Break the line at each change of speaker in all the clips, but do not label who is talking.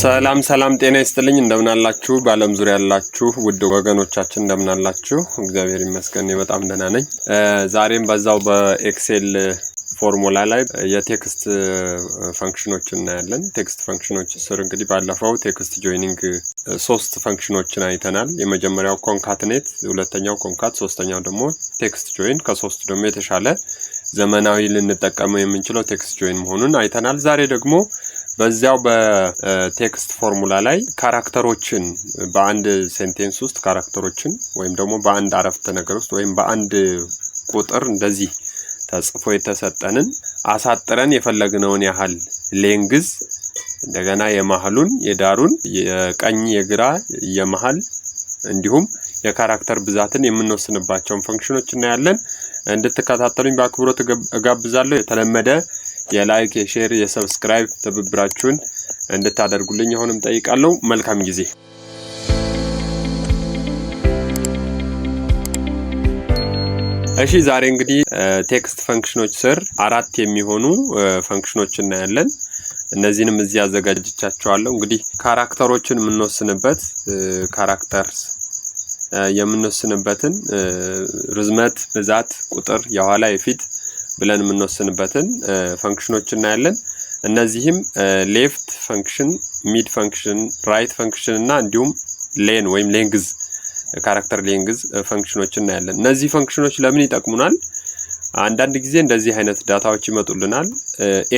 ሰላም ሰላም፣ ጤና ይስጥልኝ። እንደምናላችሁ በዓለም ዙሪያ ያላችሁ ውድ ወገኖቻችን እንደምናላችሁ፣ እግዚአብሔር ይመስገን በጣም ደህና ነኝ። ዛሬም በዛው በኤክሴል ፎርሙላ ላይ የቴክስት ፈንክሽኖች እናያለን። ቴክስት ፈንክሽኖች ስር እንግዲህ ባለፈው ቴክስት ጆይኒንግ ሶስት ፈንክሽኖችን አይተናል። የመጀመሪያው ኮንካትኔት፣ ሁለተኛው ኮንካት፣ ሶስተኛው ደግሞ ቴክስት ጆይን። ከሶስቱ ደግሞ የተሻለ ዘመናዊ ልንጠቀመው የምንችለው ቴክስት ጆይን መሆኑን አይተናል። ዛሬ ደግሞ በዚያው በቴክስት ፎርሙላ ላይ ካራክተሮችን በአንድ ሴንቴንስ ውስጥ ካራክተሮችን ወይም ደግሞ በአንድ አረፍተ ነገር ውስጥ ወይም በአንድ ቁጥር እንደዚህ ተጽፎ የተሰጠንን አሳጥረን የፈለግነውን ያህል ሌንግዝ እንደገና የመሀሉን፣ የዳሩን፣ የቀኝ፣ የግራ፣ የመሀል እንዲሁም የካራክተር ብዛትን የምንወስንባቸውን ፈንክሽኖች እናያለን። እንድትከታተሉኝ በአክብሮት እጋብዛለሁ። የተለመደ የላይክ የሼር የሰብስክራይብ ትብብራችሁን እንድታደርጉልኝ አሁንም ጠይቃለሁ። መልካም ጊዜ እሺ ዛሬ እንግዲህ ቴክስት ፈንክሽኖች ስር አራት የሚሆኑ ፈንክሽኖች እናያለን። እነዚህንም እዚህ አዘጋጅቻቸዋለሁ። እንግዲህ ካራክተሮችን የምንወስንበት ካራክተርስ የምንወስንበትን ርዝመት፣ ብዛት፣ ቁጥር፣ የኋላ የፊት ብለን የምንወስንበትን ፈንክሽኖች እናያለን። እነዚህም ሌፍት ፈንክሽን፣ ሚድ ፈንክሽን፣ ራይት ፈንክሽን እና እንዲሁም ሌን ወይም ሌንግዝ ካራክተር ሌንግዝ ፈንክሽኖች እናያለን። እነዚህ ፈንክሽኖች ለምን ይጠቅሙናል? አንዳንድ ጊዜ እንደዚህ አይነት ዳታዎች ይመጡልናል።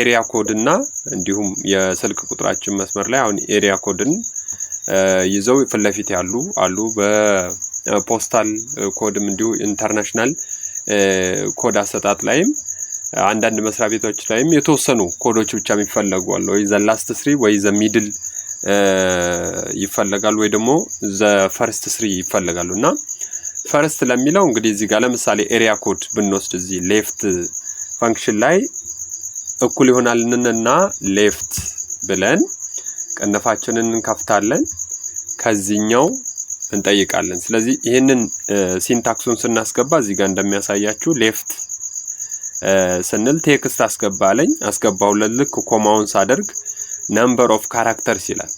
ኤሪያ ኮድ እና እንዲሁም የስልክ ቁጥራችን መስመር ላይ አሁን ኤሪያ ኮድን ይዘው ፊት ለፊት ያሉ አሉ። በፖስታል ኮድም እንዲሁ ኢንተርናሽናል ኮድ አሰጣጥ ላይም አንዳንድ መስሪያ ቤቶች ላይም የተወሰኑ ኮዶች ብቻ የሚፈለጉ አለ ወይ ዘላስት ስሪ ወይ ዘ ሚድል ይፈለጋሉ ወይ ደግሞ ዘፈርስት ፈርስት ስሪ ይፈለጋሉ እና ፈርስት ለሚለው እንግዲህ እዚህ ጋር ለምሳሌ ኤሪያ ኮድ ብንወስድ እዚህ ሌፍት ፋንክሽን ላይ እኩል እና ሌፍት ብለን ቀነፋችንን እንከፍታለን ከዚህኛው እንጠይቃለን። ስለዚህ ይህንን ሲንታክሱን ስናስገባ እዚህ ጋር እንደሚያሳያችሁ ሌፍት ስንል ቴክስት አስገባለኝ አስገባው ልክ ኮማውን ሳደርግ ነምበር ኦፍ ካራክተርስ ይላል።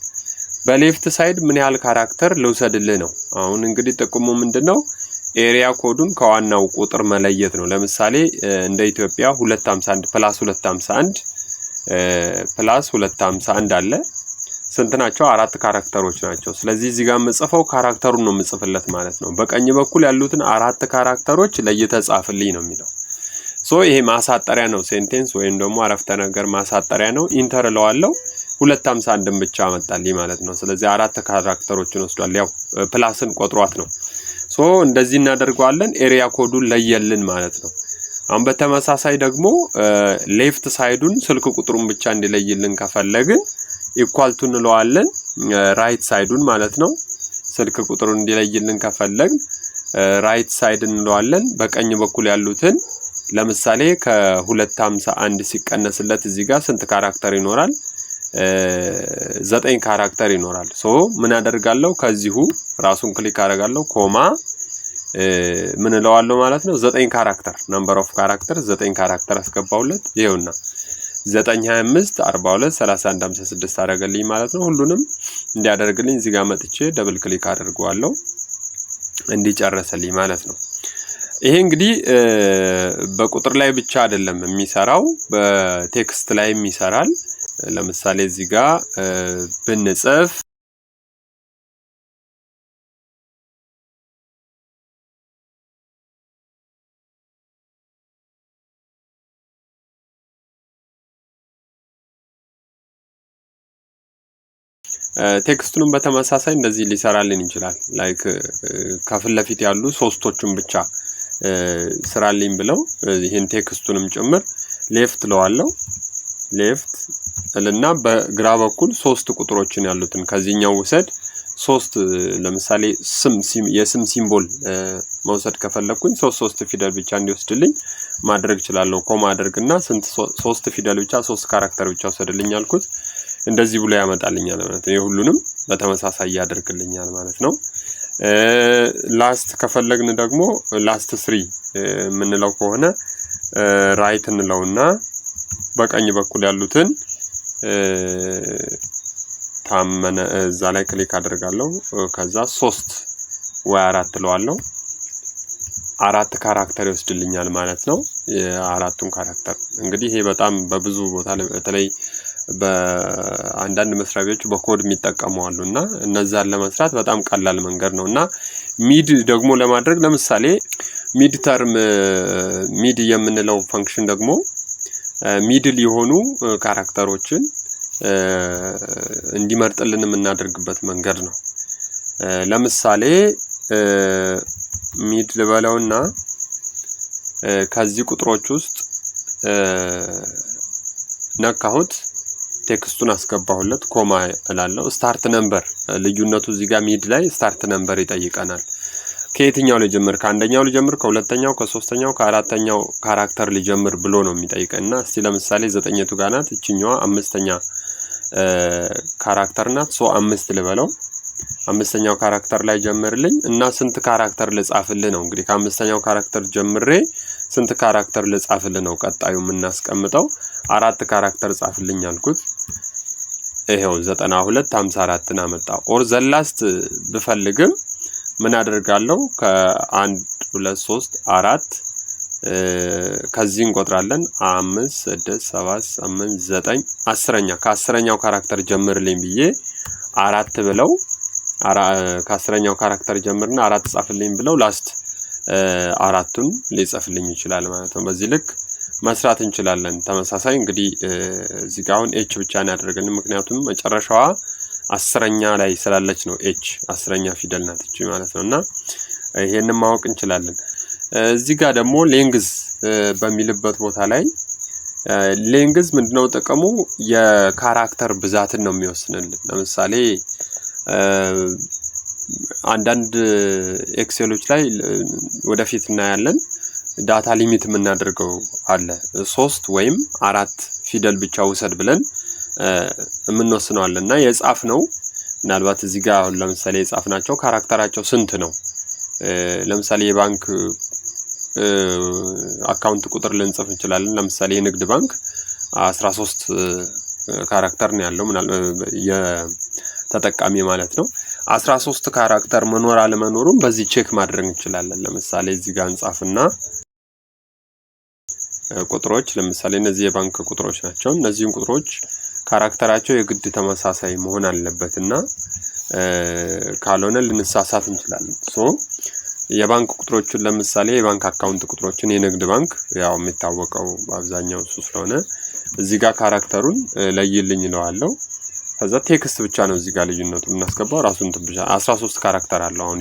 በሌፍት ሳይድ ምን ያህል ካራክተር ልውሰድልህ ነው። አሁን እንግዲህ ጥቅሙ ምንድን ነው? ኤሪያ ኮዱን ከዋናው ቁጥር መለየት ነው። ለምሳሌ እንደ ኢትዮጵያ 251 ፕላስ 251 ፕላስ 251 አለ። ስንት ናቸው? አራት ካራክተሮች ናቸው። ስለዚህ እዚህ ጋር የምጽፈው ካራክተሩን ነው የምጽፍለት ማለት ነው። በቀኝ በኩል ያሉትን አራት ካራክተሮች ለይተህ ጻፍልኝ ነው የሚለው ሶ ይሄ ማሳጠሪያ ነው። ሴንቴንስ ወይም ደግሞ አረፍተ ነገር ማሳጠሪያ ነው። ኢንተር ለዋለው ሁለት ሀምሳ አንድን ብቻ አመጣልኝ ማለት ነው። ስለዚህ አራት ካራክተሮችን ወስዷል። ያው ፕላስን ቆጥሯት ነው። ሶ እንደዚህ እናደርገዋለን። ኤሪያ ኮዱን ለየልን ማለት ነው። አሁን በተመሳሳይ ደግሞ ሌፍት ሳይዱን ስልክ ቁጥሩን ብቻ እንዲለይልን ከፈለግን ኢኳልቱ እንለዋለን። ራይት ሳይዱን ማለት ነው። ስልክ ቁጥሩን እንዲለይልን ከፈለግን ራይት ሳይድ እንለዋለን። በቀኝ በኩል ያሉትን ለምሳሌ ከሁለት 251 ሲቀነስለት እዚህ ጋር ስንት ካራክተር ይኖራል? ዘጠኝ ካራክተር ይኖራል። ሶ ምን አደርጋለሁ? ከዚሁ ራሱን ክሊክ አደርጋለሁ። ኮማ ምን እለዋለሁ ማለት ነው። ዘጠኝ ካራክተር ነምበር ኦፍ ካራክተር ዘጠኝ ካራክተር አስገባውለት። ይሄውና ዘጠኝ ሀያ አምስት አርባ ሁለት ሰላሳ አንድ ሀምሳ ስድስት አደረገልኝ ማለት ነው። ሁሉንም እንዲያደርግልኝ እዚህ ጋር መጥቼ ደብል ክሊክ አድርገዋለሁ እንዲጨረስልኝ ማለት ነው። ይሄ እንግዲህ በቁጥር ላይ ብቻ አይደለም የሚሰራው፣ በቴክስት ላይም ይሰራል። ለምሳሌ እዚህ ጋር ብንጽፍ ቴክስቱንም በተመሳሳይ እንደዚህ ሊሰራልን ይችላል። ላይክ ከፊት ለፊት ያሉ ሶስቶቹን ብቻ ስራልኝ ብለው ይህን ቴክስቱንም ጭምር ሌፍት ለዋለው ሌፍት እልና በግራ በኩል ሶስት ቁጥሮችን ያሉትን ከዚህኛው ውሰድ ሶስት ለምሳሌ ስም የስም ሲምቦል መውሰድ ከፈለግኩኝ ሶስት ሶስት ፊደል ብቻ እንዲወስድልኝ ማድረግ እችላለሁ። ኮማ አድርግና ስንት ሶስት ፊደል ብቻ ሶስት ካራክተር ብቻ ውሰድልኝ አልኩት። እንደዚህ ብሎ ያመጣልኛል ማለት ነው። የሁሉንም በተመሳሳይ ያደርግልኛል ማለት ነው። ላስት ከፈለግን ደግሞ ላስት ስሪ የምንለው ከሆነ ራይት እንለውና በቀኝ በኩል ያሉትን ታመነ እዛ ላይ ክሊክ አድርጋለሁ። ከዛ ሶስት ወይ አራት እለዋለሁ። አራት ካራክተር ይወስድልኛል ማለት ነው። የአራቱን ካራክተር እንግዲህ ይሄ በጣም በብዙ ቦታ በተለይ በአንዳንድ መስሪያ ቤቶች በኮድ የሚጠቀሙ አሉ እና እነዛን ለመስራት በጣም ቀላል መንገድ ነው እና ሚድ ደግሞ ለማድረግ ለምሳሌ ሚድ ተርም ሚድ የምንለው ፈንክሽን ደግሞ ሚድል የሆኑ ካራክተሮችን እንዲመርጥልን የምናደርግበት መንገድ ነው። ለምሳሌ ሚድ ልበለውና ከዚህ ቁጥሮች ውስጥ ነካሁት ቴክስቱን አስገባሁለት ኮማ እላለው። ስታርት ነምበር ልዩነቱ እዚህ ጋር ሚድ ላይ ስታርት ነምበር ይጠይቀናል። ከየትኛው ልጀምር? ከአንደኛው ልጀምር፣ ከሁለተኛው፣ ከሶስተኛው፣ ከአራተኛው ካራክተር ልጀምር ብሎ ነው የሚጠይቀን እና እስቲ ለምሳሌ ዘጠኝቱ ጋናት እችኛዋ አምስተኛ ካራክተር ናት። ሶ አምስት ልበለው አምስተኛው ካራክተር ላይ ጀምርልኝ እና ስንት ካራክተር ልጻፍልህ ነው? እንግዲህ ከአምስተኛው ካራክተር ጀምሬ ስንት ካራክተር ልጻፍልህ ነው? ቀጣዩ የምናስቀምጠው አራት ካራክተር ጻፍልኝ አልኩት። ይሄው ዘጠና ሁለት ሀምሳ አራትን አመጣ። ኦር ዘላስት ብፈልግም ምን አደርጋለሁ? ከአንድ ሁለት ሶስት አራት ከዚህ እንቆጥራለን አምስት ስድስት ሰባት ስምንት ዘጠኝ አስረኛ ከአስረኛው ካራክተር ጀምርልኝ ብዬ አራት ብለው ከአስረኛው ካራክተር ጀምርና አራት ጻፍልኝ ብለው ላስት አራቱን ሊጽፍልኝ ይችላል ማለት ነው። በዚህ ልክ መስራት እንችላለን። ተመሳሳይ እንግዲህ እዚህ ጋር አሁን ኤች ብቻ ነው ያደረገልን፣ ምክንያቱም መጨረሻዋ አስረኛ ላይ ስላለች ነው። ኤች አስረኛ ፊደል ናት እቺ ማለት ነው እና ይሄንን ማወቅ እንችላለን። እዚህ ጋር ደግሞ ሌንግዝ በሚልበት ቦታ ላይ ሌንግዝ ምንድነው ጥቅሙ? የካራክተር ብዛትን ነው የሚወስንልን። ለምሳሌ አንዳንድ ኤክሴሎች ላይ ወደፊት እናያለን ዳታ ሊሚት የምናደርገው አለ። ሶስት ወይም አራት ፊደል ብቻ ውሰድ ብለን የምንወስነዋል እና የጻፍ ነው ምናልባት እዚህ ጋር አሁን ለምሳሌ የጻፍ ናቸው ካራክተራቸው ስንት ነው? ለምሳሌ የባንክ አካውንት ቁጥር ልንጽፍ እንችላለን። ለምሳሌ የንግድ ባንክ አስራ ሶስት ካራክተር ነው ያለው ተጠቃሚ ማለት ነው። አስራ ሶስት ካራክተር መኖር አለመኖሩም በዚህ ቼክ ማድረግ እንችላለን። ለምሳሌ እዚህ ጋር እንጻፍና ቁጥሮች ለምሳሌ እነዚህ የባንክ ቁጥሮች ናቸው። እነዚህን ቁጥሮች ካራክተራቸው የግድ ተመሳሳይ መሆን አለበት እና ካልሆነ ልንሳሳት እንችላለን። ሶ የባንክ ቁጥሮችን ለምሳሌ የባንክ አካውንት ቁጥሮችን የንግድ ባንክ ያው የሚታወቀው በአብዛኛው እሱ ስለሆነ እዚህ ጋር ካራክተሩን ለይልኝ ይለዋለው። ከዛ ቴክስት ብቻ ነው እዚህ ጋር ልዩነቱ የምናስገባው። ራሱን አስራ 13 ካራክተር አለው። አሁን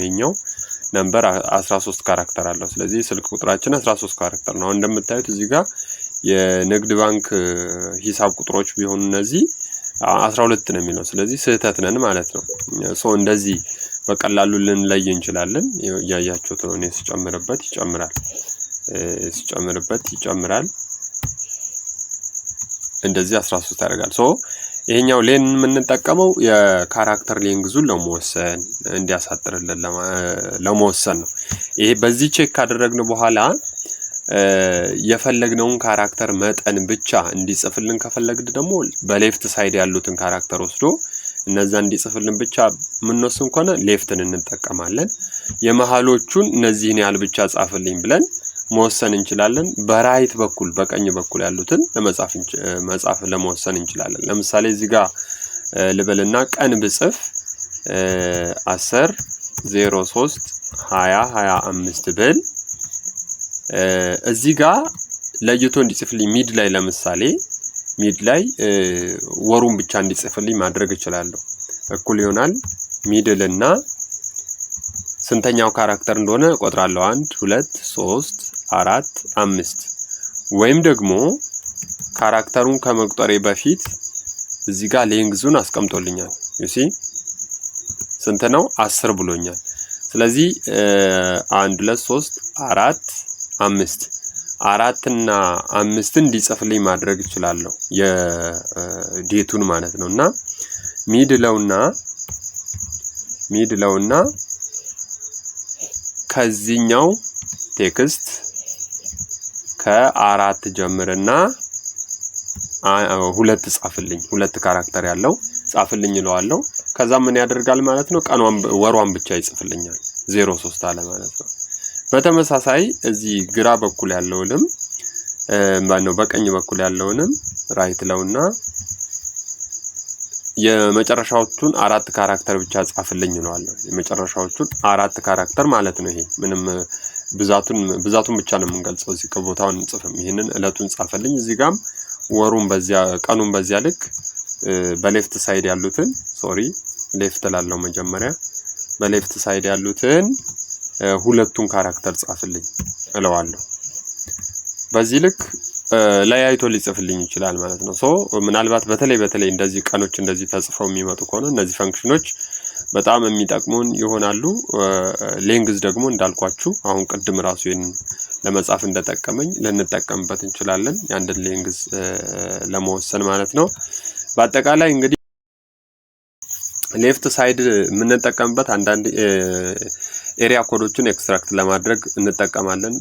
ነንበር አስራ 13 ካራክተር አለው። ስለዚህ ስልክ ቁጥራችን 13 ካራክተር ነው። አሁን እንደምታዩት እዚህ ጋር የንግድ ባንክ ሂሳብ ቁጥሮች ቢሆኑ እነዚህ 12 ነው የሚለው። ስለዚህ ስህተት ነን ማለት ነው። ሶ እንደዚህ በቀላሉ ልንለይ እንችላለን። እያያችሁት ነው። እኔ ስጨምርበት ይጨምራል፣ ስጨምርበት ይጨምራል። እንደዚህ ሶስት ያደርጋል። ሶ ይሄኛው ሌን የምንጠቀመው የካራክተር ሌንግዙን ለመወሰን እንዲያሳጥርልን ለመወሰን ነው። ይሄ በዚህ ቼክ ካደረግን በኋላ የፈለግነውን ካራክተር መጠን ብቻ እንዲጽፍልን ከፈለግን ደግሞ በሌፍት ሳይድ ያሉትን ካራክተር ወስዶ እነዛ እንዲጽፍልን ብቻ የምንወስን ከሆነ ሌፍትን እንጠቀማለን። የመሀሎቹን እነዚህን ያህል ብቻ ጻፍልኝ ብለን መወሰን እንችላለን። በራይት በኩል በቀኝ በኩል ያሉትን መጻፍ ለመወሰን እንችላለን። ለምሳሌ እዚህ ጋር ልበልና ቀን ብጽፍ አስር ዜሮ ሶስት ሀያ ሀያ አምስት ብል እዚህ ጋር ለይቶ እንዲጽፍልኝ ሚድ ላይ ለምሳሌ ሚድ ላይ ወሩን ብቻ እንዲጽፍልኝ ማድረግ እችላለሁ። እኩል ይሆናል ሚድልና ስንተኛው ካራክተር እንደሆነ እቆጥራለሁ። አንድ ሁለት ሶስት አራት፣ አምስት ወይም ደግሞ ካራክተሩን ከመቁጠሬ በፊት እዚህ ጋር ሌንግዙን አስቀምጦልኛል። ዩሲ ስንት ነው? አስር ብሎኛል። ስለዚህ አንድ ሁለት ሶስት አራት አምስት አራትና አምስትን እንዲጽፍልኝ ማድረግ እችላለሁ። የዴቱን ማለት ነው እና ሚድ ለውና ሚድ ለውና ከዚህኛው ቴክስት ከአራት ጀምርና ሁለት ጻፍልኝ፣ ሁለት ካራክተር ያለው ጻፍልኝ እለዋለሁ። ከዛ ምን ያደርጋል ማለት ነው? ቀኗን ወሯን ብቻ ይጽፍልኛል። ዜሮ ሶስት አለ ማለት ነው። በተመሳሳይ እዚህ ግራ በኩል ያለውንም ነው በቀኝ በኩል ያለውንም ራይት ለውና የመጨረሻዎቹን አራት ካራክተር ብቻ ጻፍልኝ እለዋለሁ። የመጨረሻዎቹን አራት ካራክተር ማለት ነው። ይሄ ምንም ብዛቱን ብቻ ነው የምንገልጸው። እዚህ ከቦታውን እንጽፍም። ይህንን እለቱን ጻፈልኝ። እዚህ ጋም ወሩን በዚያ ቀኑን በዚያ ልክ በሌፍት ሳይድ ያሉትን ሶሪ ሌፍት ላለው መጀመሪያ በሌፍት ሳይድ ያሉትን ሁለቱን ካራክተር ጻፍልኝ እለዋለሁ። በዚህ ልክ ለያይቶ ሊጽፍልኝ ይችላል ማለት ነው። ሶ ምናልባት በተለይ በተለይ እንደዚህ ቀኖች እንደዚህ ተጽፈው የሚመጡ ከሆነ እነዚህ ፈንክሽኖች በጣም የሚጠቅሙን ይሆናሉ። ሌንግዝ ደግሞ እንዳልኳችሁ አሁን ቅድም ራሱ ለመጻፍ እንደጠቀመኝ ልንጠቀምበት እንችላለን፣ የአንድን ሌንግዝ ለመወሰን ማለት ነው። በአጠቃላይ እንግዲህ ሌፍት ሳይድ የምንጠቀምበት አንዳንድ ኤሪያ ኮዶችን ኤክስትራክት ለማድረግ እንጠቀማለን።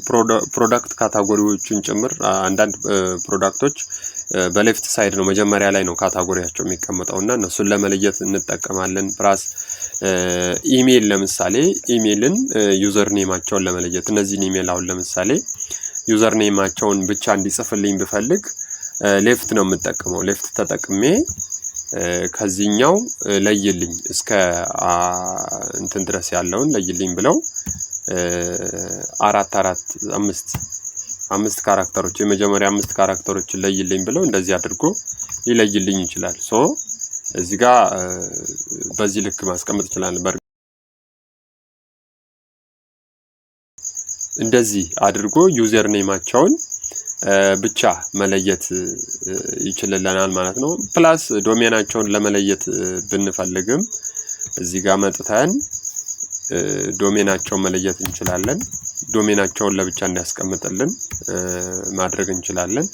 ፕሮዳክት ካታጎሪዎችን ጭምር አንዳንድ ፕሮዳክቶች በሌፍት ሳይድ ነው መጀመሪያ ላይ ነው ካታጎሪያቸው የሚቀመጠው እና እነሱን ለመለየት እንጠቀማለን። ፕላስ ኢሜይል ለምሳሌ ኢሜይልን ዩዘር ኔማቸውን ለመለየት እነዚህን ኢሜይል አሁን ለምሳሌ ዩዘር ኔማቸውን ብቻ እንዲጽፍልኝ ብፈልግ ሌፍት ነው የምጠቀመው። ሌፍት ተጠቅሜ ከዚህኛው ለይልኝ እስከ እንትን ድረስ ያለውን ለይልኝ ብለው አራት አራት አምስት አምስት ካራክተሮች የመጀመሪያ አምስት ካራክተሮች ለይልኝ ብለው እንደዚህ አድርጎ ሊለይልኝ ይችላል። ሶ እዚህ ጋር በዚህ ልክ ማስቀመጥ ይችላል። እንደዚህ አድርጎ ዩዘር ኔማቸውን ብቻ መለየት ይችልልናል ማለት ነው። ፕላስ ዶሜናቸውን ለመለየት ብንፈልግም እዚህ ጋር መጥተን ዶሜናቸውን መለየት እንችላለን። ዶሜናቸውን ለብቻ እንዲያስቀምጥልን ማድረግ እንችላለን።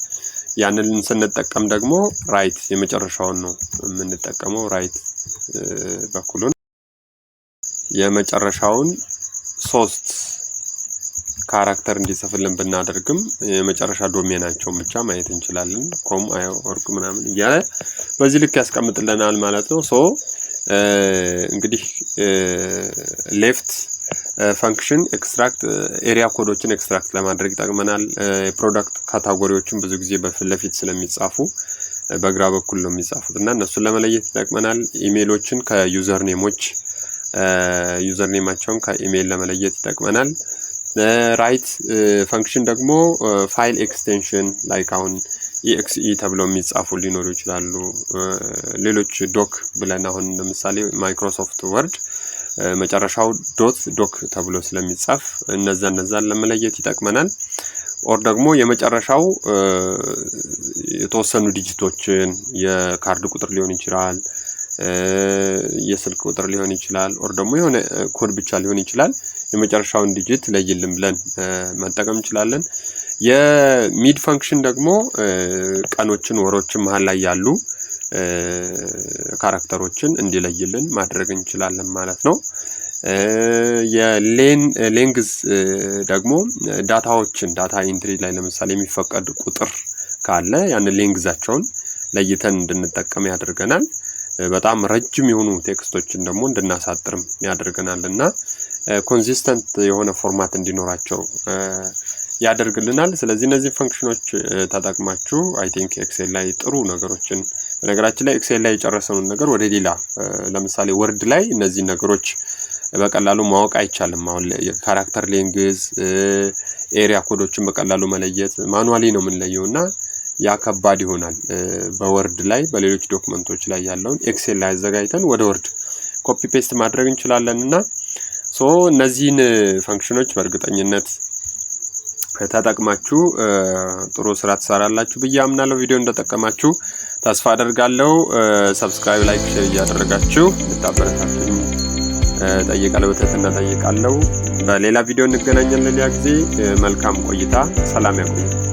ያንን ስንጠቀም ደግሞ ራይት የመጨረሻውን ነው የምንጠቀመው። ራይት በኩሉን የመጨረሻውን ሶስት ካራክተር እንዲጽፍልን ብናደርግም የመጨረሻ ዶሜናቸውን ብቻ ማየት እንችላለን። ኮም አዮ ወርቅ ምናምን እያለ በዚህ ልክ ያስቀምጥልናል ማለት ነው። ሶ እንግዲህ ሌፍት ፈንክሽን ኤክስትራክት ኤሪያ ኮዶችን ኤክስትራክት ለማድረግ ይጠቅመናል። የፕሮዳክት ካታጎሪዎችን ብዙ ጊዜ በፊት ለፊት ስለሚጻፉ በግራ በኩል ነው የሚጻፉት እና እነሱን ለመለየት ይጠቅመናል። ኢሜሎችን ከዩዘር ኔሞች ዩዘር ኔማቸውን ከኢሜይል ለመለየት ይጠቅመናል። ራይት ፈንክሽን ደግሞ ፋይል ኤክስቴንሽን ላይክ አሁን ኢኤክስኢ ተብለው የሚጻፉ ሊኖሩ ይችላሉ። ሌሎች ዶክ ብለን አሁን ለምሳሌ ማይክሮሶፍት ወርድ መጨረሻው ዶት ዶክ ተብሎ ስለሚጻፍ እነዛ እነዛን ለመለየት ይጠቅመናል። ኦር ደግሞ የመጨረሻው የተወሰኑ ዲጂቶችን የካርድ ቁጥር ሊሆን ይችላል፣ የስልክ ቁጥር ሊሆን ይችላል፣ ኦር ደግሞ የሆነ ኮድ ብቻ ሊሆን ይችላል። የመጨረሻውን ዲጂት ለይልን ብለን መጠቀም እንችላለን። የሚድ ፈንክሽን ደግሞ ቀኖችን፣ ወሮችን መሀል ላይ ያሉ ካራክተሮችን እንዲለይልን ማድረግ እንችላለን ማለት ነው። የሌንግዝ ሌንግዝ ደግሞ ዳታዎችን ዳታ ኢንትሪ ላይ ለምሳሌ የሚፈቀድ ቁጥር ካለ ያን ሌንግዛቸውን ለይተን እንድንጠቀም ያደርገናል። በጣም ረጅም የሆኑ ቴክስቶችን ደግሞ እንድናሳጥርም ያደርገናል እና ኮንሲስተንት የሆነ ፎርማት እንዲኖራቸው ያደርግልናል። ስለዚህ እነዚህ ፈንክሽኖች ተጠቅማችሁ አይ ቲንክ ኤክሴል ላይ ጥሩ ነገሮችን በነገራችን ላይ ኤክሴል ላይ የጨረሰውን ነገር ወደ ሌላ ለምሳሌ ወርድ ላይ እነዚህ ነገሮች በቀላሉ ማወቅ አይቻልም። አሁን ካራክተር ሌንግዝ፣ ኤሪያ ኮዶችን በቀላሉ መለየት ማኑዋሊ ነው የምንለየው እና ያ ከባድ ይሆናል። በወርድ ላይ በሌሎች ዶክመንቶች ላይ ያለውን ኤክሴል ላይ አዘጋጅተን ወደ ወርድ ኮፒ ፔስት ማድረግ እንችላለን እና ሶ እነዚህን ፈንክሽኖች በእርግጠኝነት ተጠቅማችሁ ጥሩ ስራ ትሰራላችሁ ብዬ አምናለሁ። ቪዲዮ እንደጠቀማችሁ ተስፋ አደርጋለሁ። ሰብስክራይብ፣ ላይክ፣ ሼር እያደረጋችሁ እንድታበረታቱኝ ጠይቃለሁ፣ በትህትና ጠይቃለሁ። በሌላ ቪዲዮ እንገናኛለን። ሌላ ጊዜ መልካም ቆይታ። ሰላም ያቆየ